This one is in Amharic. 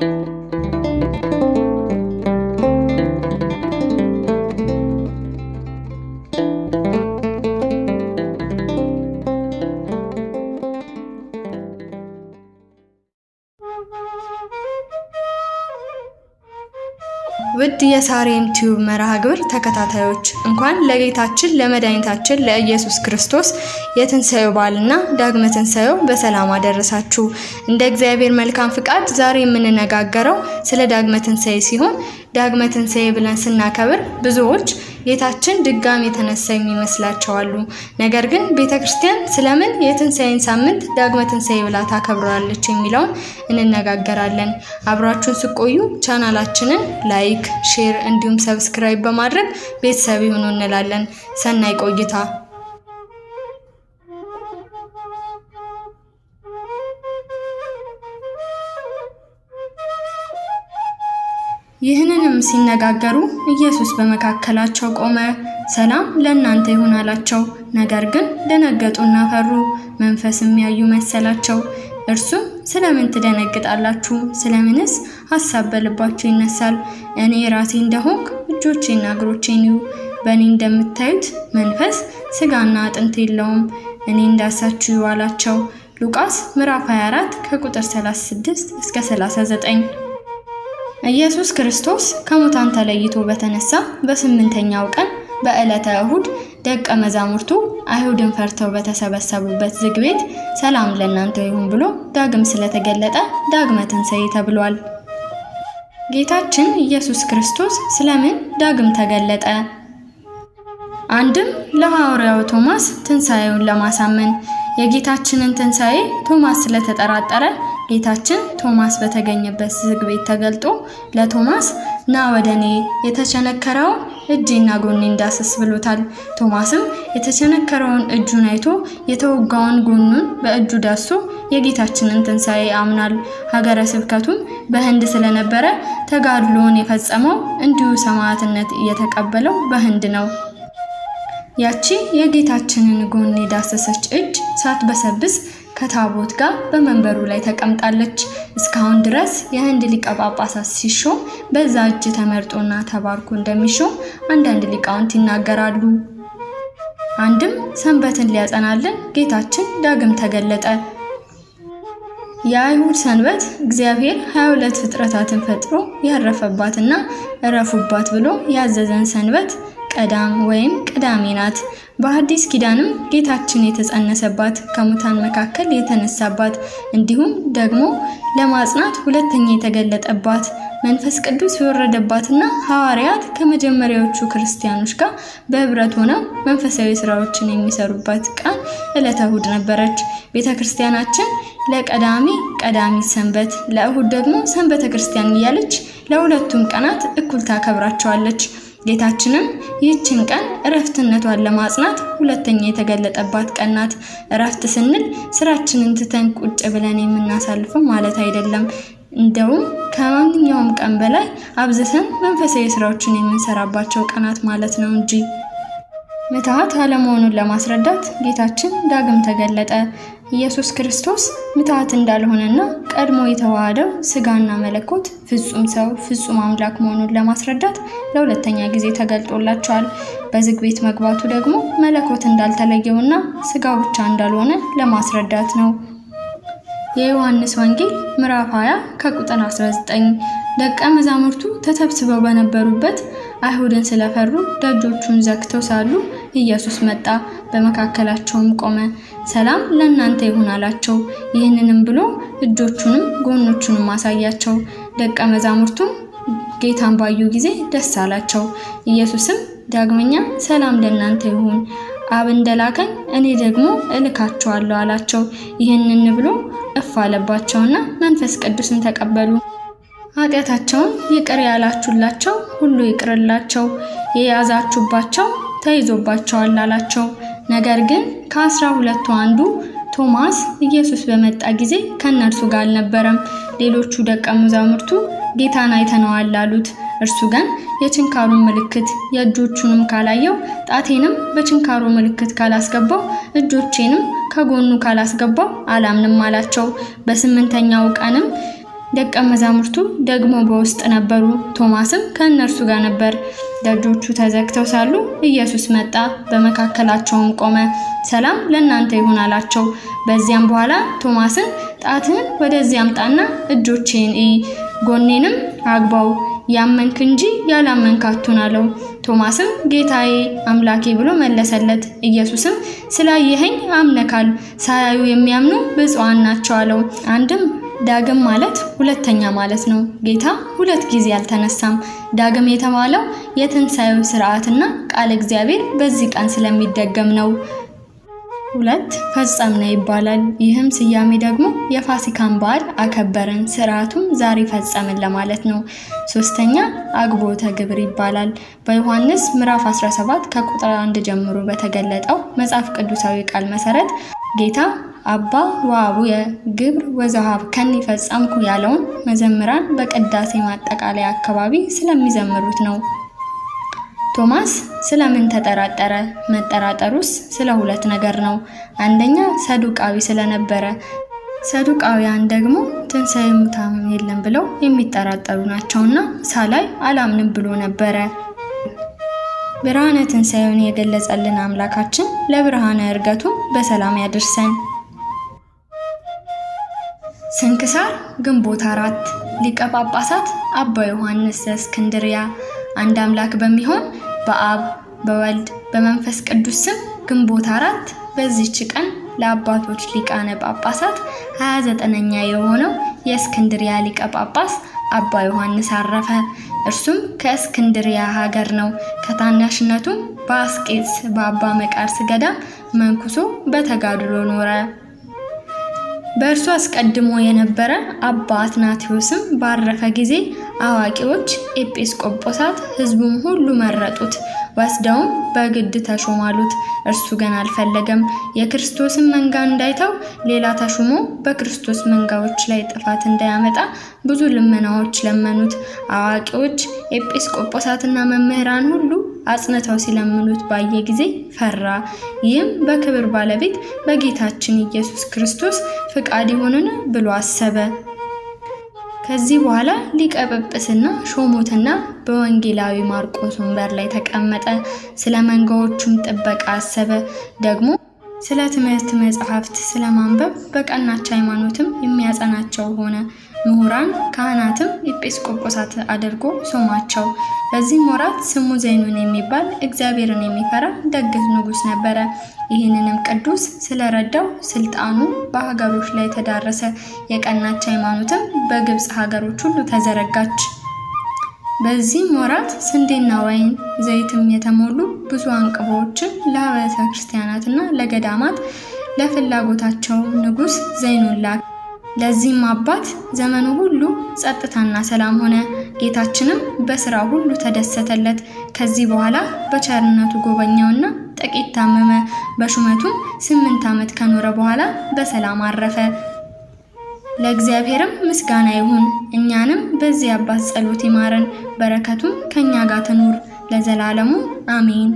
thank you ውድ የሳሬም ቲዩብ መርሃ ግብር ተከታታዮች እንኳን ለጌታችን ለመድኃኒታችን ለኢየሱስ ክርስቶስ የትንሣኤው በዓልና ዳግመ ትንሣኤው በሰላም አደረሳችሁ። እንደ እግዚአብሔር መልካም ፍቃድ ዛሬ የምንነጋገረው ስለ ዳግመ ትንሣኤ ሲሆን ዳግመ ትንሣኤ ብለን ስናከብር ብዙዎች ጌታችን ድጋሚ የተነሳ የሚመስላቸዋሉ። ነገር ግን ቤተ ክርስቲያን ስለምን የትንሣኤን ሳምንት ዳግመ ትንሣኤ ብላ ታከብራለች የሚለውን እንነጋገራለን። አብራችሁን ስቆዩ ቻናላችንን ላይክ፣ ሼር እንዲሁም ሰብስክራይብ በማድረግ ቤተሰብ ይሁኑ እንላለን። ሰናይ ቆይታ ሲነጋገሩ ኢየሱስ በመካከላቸው ቆመ፣ ሰላም ለእናንተ ይሁን አላቸው። ነገር ግን ደነገጡና ፈሩ፣ መንፈስም ያዩ መሰላቸው። እርሱም ስለምን ትደነግጣላችሁ? ስለምንስ ሐሳብ በልባችሁ ይነሳል? እኔ ራሴ እንደሆንክ እጆቼና እግሮቼን እዩ። በእኔ እንደምታዩት መንፈስ ስጋና አጥንት የለውም። እኔ እንዳሳችሁ ይዋላቸው። ሉቃስ ምዕራፍ 24 ከቁጥር 36 እስከ 39 ኢየሱስ ክርስቶስ ከሙታን ተለይቶ በተነሳ በስምንተኛው ቀን በዕለተ እሁድ ደቀ መዛሙርቱ አይሁድን ፈርተው በተሰበሰቡበት ዝግ ቤት ሰላም ለእናንተ ይሁን ብሎ ዳግም ስለተገለጠ ዳግመ ትንሣኤ ተብሏል። ጌታችን ኢየሱስ ክርስቶስ ስለምን ዳግም ተገለጠ? አንድም ለሐዋርያው ቶማስ ትንሣኤውን ለማሳመን የጌታችንን ትንሣኤ ቶማስ ስለተጠራጠረ ጌታችን ቶማስ በተገኘበት ዝግ ቤት ተገልጦ ለቶማስ ና ወደ እኔ የተቸነከረው እጄና ጎኔ እንዳስስ ብሎታል። ቶማስም የተቸነከረውን እጁን አይቶ የተወጋውን ጎኑን በእጁ ዳሶ የጌታችንን ትንሣኤ አምናል። ሀገረ ስብከቱም በህንድ ስለነበረ ተጋድሎውን የፈጸመው እንዲሁ ሰማዕትነት እየተቀበለው በህንድ ነው። ያቺ የጌታችንን ጎን የዳሰሰች እጅ ሳትበሰብስ ከታቦት ጋር በመንበሩ ላይ ተቀምጣለች። እስካሁን ድረስ የህንድ ሊቀ ጳጳሳት ሲሾም በዛ እጅ ተመርጦና ተባርኮ እንደሚሾም አንዳንድ ሊቃውንት ይናገራሉ። አንድም ሰንበትን ሊያጸናልን ጌታችን ዳግም ተገለጠ። የአይሁድ ሰንበት እግዚአብሔር 22 ፍጥረታትን ፈጥሮ ያረፈባትና እረፉባት ብሎ ያዘዘን ሰንበት ቀዳም ወይም ቅዳሜ ናት። በሐዲስ ኪዳንም ጌታችን የተጸነሰባት ከሙታን መካከል የተነሳባት እንዲሁም ደግሞ ለማጽናት ሁለተኛ የተገለጠባት መንፈስ ቅዱስ የወረደባትና ሐዋርያት ከመጀመሪያዎቹ ክርስቲያኖች ጋር በህብረት ሆነው መንፈሳዊ ስራዎችን የሚሰሩባት ቀን ዕለተ እሁድ ነበረች። ቤተ ክርስቲያናችን ለቀዳሚ ቀዳሚ ሰንበት፣ ለእሁድ ደግሞ ሰንበተ ክርስቲያን እያለች ለሁለቱም ቀናት እኩል ታከብራቸዋለች። ጌታችንም ይህችን ቀን እረፍትነቷን ለማጽናት ሁለተኛ የተገለጠባት ቀን ናት። እረፍት ስንል ስራችንን ትተን ቁጭ ብለን የምናሳልፈው ማለት አይደለም። እንደውም ከማንኛውም ቀን በላይ አብዝተን መንፈሳዊ ስራዎችን የምንሰራባቸው ቀናት ማለት ነው እንጂ ምትሃት አለመሆኑን ለማስረዳት ጌታችን ዳግም ተገለጠ። ኢየሱስ ክርስቶስ ምትሃት እንዳልሆነና ቀድሞ የተዋሃደው ስጋና መለኮት ፍጹም ሰው ፍጹም አምላክ መሆኑን ለማስረዳት ለሁለተኛ ጊዜ ተገልጦላቸዋል። በዝግ ቤት መግባቱ ደግሞ መለኮት እንዳልተለየውና ስጋ ብቻ እንዳልሆነ ለማስረዳት ነው። የዮሐንስ ወንጌል ምዕራፍ 20 ከቁጥር 19 ደቀ መዛሙርቱ ተሰብስበው በነበሩበት አይሁድን ስለፈሩ ደጆቹን ዘግተው ሳሉ ኢየሱስ መጣ፣ በመካከላቸውም ቆመ። ሰላም ለእናንተ ይሁን አላቸው። ይህንንም ብሎ እጆቹንም ጎኖቹንም አሳያቸው። ደቀ መዛሙርቱም ጌታን ባዩ ጊዜ ደስ አላቸው። ኢየሱስም ዳግመኛ ሰላም ለእናንተ ይሁን አብ እንደላከኝ እኔ ደግሞ እልካችኋለሁ አላቸው። ይህንን ብሎ እፍ አለባቸውና መንፈስ ቅዱስን ተቀበሉ። ኃጢአታቸውን ይቅር ያላችሁላቸው ሁሉ ይቅርላቸው፣ የያዛችሁባቸው ተይዞባቸዋል አላቸው። ነገር ግን ከአስራ ሁለቱ አንዱ ቶማስ ኢየሱስ በመጣ ጊዜ ከእነርሱ ጋር አልነበረም። ሌሎቹ ደቀ መዛሙርቱ ጌታን አይተነዋል አሉት። እርሱ ግን የችንካሩን ምልክት የእጆቹንም ካላየው ጣቴንም በችንካሩ ምልክት ካላስገባው እጆቼንም ከጎኑ ካላስገባው አላምንም አላቸው። በስምንተኛው ቀንም ደቀ መዛሙርቱ ደግሞ በውስጥ ነበሩ፣ ቶማስም ከእነርሱ ጋር ነበር። ደጆቹ ተዘግተው ሳሉ ኢየሱስ መጣ፣ በመካከላቸውም ቆመ፣ ሰላም ለእናንተ ይሁን አላቸው። በዚያም በኋላ ቶማስን ጣትህን ወደዚያም አምጣና እጆቼን እይ፣ ጎኔንም አግባው፣ ያመንክ እንጂ ያላመንክ አትሁን አለው። ቶማስም ጌታዬ አምላኬ ብሎ መለሰለት። ኢየሱስም ስላየኸኝ አምነካል፣ ሳያዩ የሚያምኑ ብፁዓን ናቸው አለው። አንድም ዳግም ማለት ሁለተኛ ማለት ነው። ጌታ ሁለት ጊዜ አልተነሳም። ዳግም የተባለው የትንሣኤው ስርዓትና ቃል እግዚአብሔር በዚህ ቀን ስለሚደገም ነው። ሁለት ፈጸምነ ይባላል። ይህም ስያሜ ደግሞ የፋሲካን በዓል አከበርን፣ ስርዓቱም ዛሬ ፈጸምን ለማለት ነው። ሶስተኛ አግቦተ ግብር ይባላል። በዮሐንስ ምዕራፍ 17 ከቁጥር 1 ጀምሮ በተገለጠው መጽሐፍ ቅዱሳዊ ቃል መሰረት ጌታ አባ ወአቡየ ግብር ወዘሃብ ከኒ ፈጸምኩ ያለውን መዘምራን በቅዳሴ ማጠቃለያ አካባቢ ስለሚዘምሩት ነው። ቶማስ ስለምን ተጠራጠረ? መጠራጠሩስ ስለ ሁለት ነገር ነው። አንደኛ ሰዱቃዊ ስለነበረ፣ ሰዱቃውያን ደግሞ ትንሣኤ ሙታን የለም ብለው የሚጠራጠሩ ናቸውና ሳላይ አላምንም ብሎ ነበረ። ብርሃነ ትንሣኤውን የገለጸልን አምላካችን ለብርሃነ እርገቱ በሰላም ያድርሰን። ስንክሳር ግንቦት አራት ሊቀ ጳጳሳት አባ ዮሐንስ ዘእስክንድርያ። አንድ አምላክ በሚሆን በአብ በወልድ በመንፈስ ቅዱስ ስም ግንቦት አራት በዚህች ቀን ለአባቶች ሊቃነ ጳጳሳት 29ኛ የሆነው የእስክንድሪያ ሊቀ ጳጳስ አባ ዮሐንስ አረፈ። እርሱም ከእስክንድሪያ ሀገር ነው። ከታናሽነቱም በአስቄጥስ በአባ መቃርስ ገዳም መንኩሶ በተጋድሎ ኖረ። በእርሱ አስቀድሞ የነበረ አባ አትናቴዎስም ባረፈ ጊዜ አዋቂዎች፣ ኤጲስቆጶሳት፣ ህዝቡም ሁሉ መረጡት። ወስደውም በግድ ተሾማሉት። እርሱ ግን አልፈለገም። የክርስቶስን መንጋ እንዳይተው ሌላ ተሹሞ በክርስቶስ መንጋዎች ላይ ጥፋት እንዳያመጣ ብዙ ልመናዎች ለመኑት። አዋቂዎች ኤጲስቆጶሳትና መምህራን ሁሉ አጽንተው ሲለምኑት ባየ ጊዜ ፈራ። ይህም በክብር ባለቤት በጌታችን ኢየሱስ ክርስቶስ ፍቃድ ይሆንን ብሎ አሰበ። ከዚህ በኋላ ሊቀ ጵጵስና ሾሞትና በወንጌላዊ ማርቆስ ወንበር ላይ ተቀመጠ። ስለ መንጋዎቹም ጥበቃ አሰበ። ደግሞ ስለ ትምህርት መጽሐፍት፣ ስለ ማንበብ በቀናች ሃይማኖትም የሚያጸናቸው ሆነ። ምሁራን ካህናትም ኤጲስቆጶሳት አድርጎ ሾማቸው። በዚህም ወራት ስሙ ዘይኑን የሚባል እግዚአብሔርን የሚፈራ ደግ ንጉሥ ነበረ። ይህንንም ቅዱስ ስለረዳው ስልጣኑ በሀገሮች ላይ ተዳረሰ። የቀናች ሃይማኖትም በግብፅ ሀገሮች ሁሉ ተዘረጋች። በዚህም ወራት ስንዴና ወይን ዘይትም የተሞሉ ብዙ አንቅቦዎችን ለአብያተ ክርስቲያናትና ለገዳማት ለፍላጎታቸው ንጉሥ ዘይኑን ላከ። ለዚህም አባት ዘመኑ ሁሉ ጸጥታና ሰላም ሆነ። ጌታችንም በስራው ሁሉ ተደሰተለት። ከዚህ በኋላ በቸርነቱ ጎበኛውና ጥቂት ታመመ። በሹመቱም ስምንት ዓመት ከኖረ በኋላ በሰላም አረፈ። ለእግዚአብሔርም ምስጋና ይሁን፣ እኛንም በዚህ አባት ጸሎት ይማረን፣ በረከቱም ከእኛ ጋር ትኑር ለዘላለሙ አሜን።